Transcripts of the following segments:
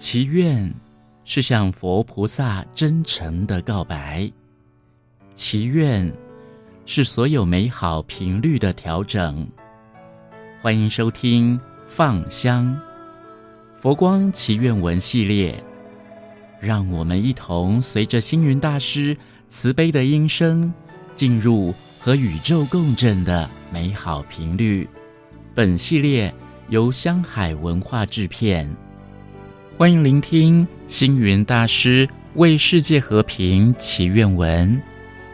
祈願是向佛菩薩真誠的告白，祈願是所有美好頻率的調整。歡迎收聽《Fun 香》佛光祈願文系列，讓我們一同隨着星雲大師慈悲的音聲，進入和宇宙共振的美好頻率。本系列由香海文化制片。歡迎聆聽星雲大師為世界和平祈願文，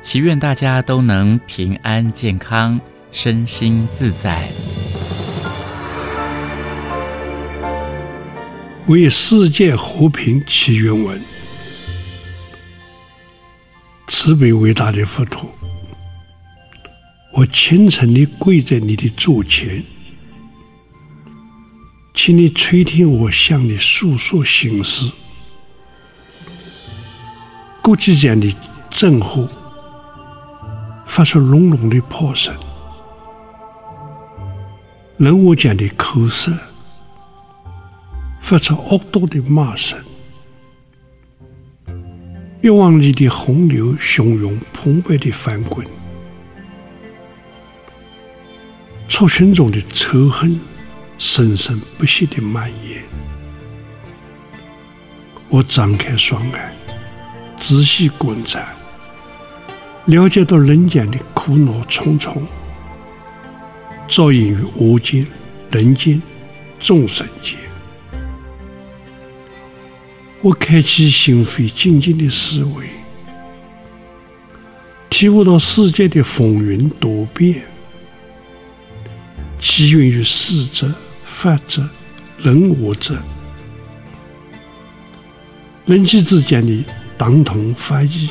祈願大家都能平安健康、身心自在。為世界和平祈願文。慈悲偉大的佛陀，我虔誠的跪在你的座前。請你垂聽我向你訴說心事。國際間的戰火，發出隆隆的炮聲；人物間的口舌，發出惡毒的罵聲；欲望裡的洪流，洶湧澎湃的翻滾；族群中的仇恨。生生不息的蔓延。我張開雙眼，仔細觀察，了解到人間的苦惱重重，肇因於我見、人見、眾生見。我開啟心扉，靜靜的思維，體悟到世界的風雲多變，起源於壽者。法則，人我者則，人際之間的黨同伐異，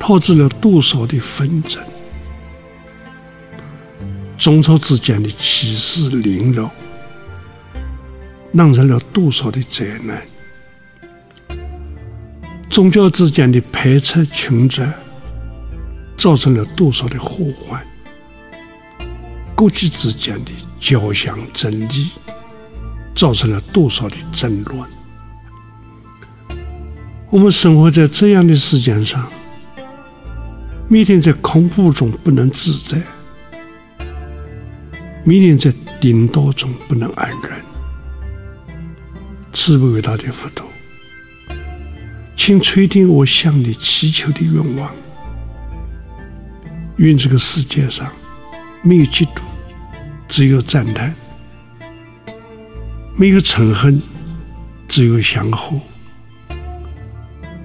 導致了多少的紛爭？種族之間的歧視凌辱，造成了多少的災難？宗教之間的排斥傾軋，造成了多少的禍患？國際之間的……交相爭利，造成了多少的爭亂？我們生活在這樣的世界上，每天在恐怖中不能自在，每天在顛倒中不能安然。慈悲偉大的佛陀，請垂聽我向你祈求的願望，願這個世界上沒有嫉妒，只有讚歎，沒有嗔恨；只有祥和，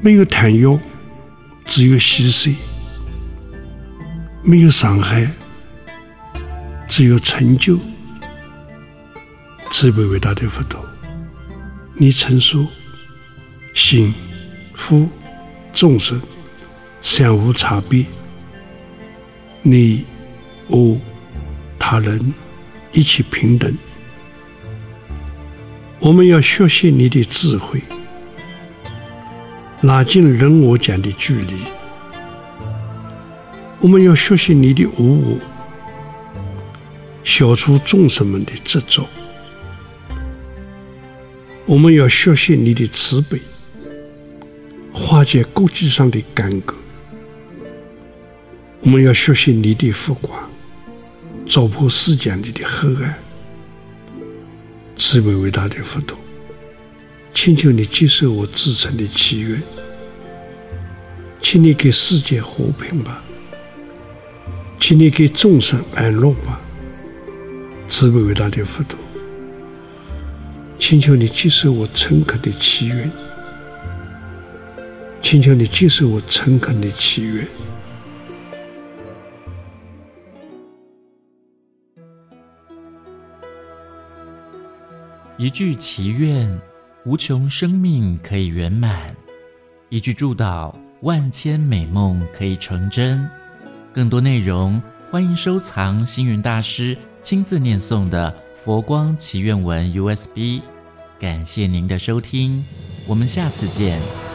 沒有貪欲；只有犧牲，沒有傷害；只有成就，慈悲偉大的佛陀。您曾說：心、佛、眾生，三無差別。你、我、他人。一起平等，我們要學習你的智慧，拉近人我間的距離；我們要學習你的無我，消除眾生們的執着；我們要學習你的慈悲，化解國際上的干戈；我們要學習你的福光。照破世間裡的黑暗，慈悲偉大的佛陀，請求你接受我至誠的祈願，請你給世界和平吧，請你給眾生安樂吧，慈悲偉大的佛陀，請求你接受我誠懇的祈願，請求你接受我誠懇的祈願。一句祈願，無窮生命可以圓滿；一句祝禱，萬千美夢可以成真。更多內容，歡迎收藏星雲大師親自念誦的《佛光祈願文》USB。感謝您的收聽，我們下次見。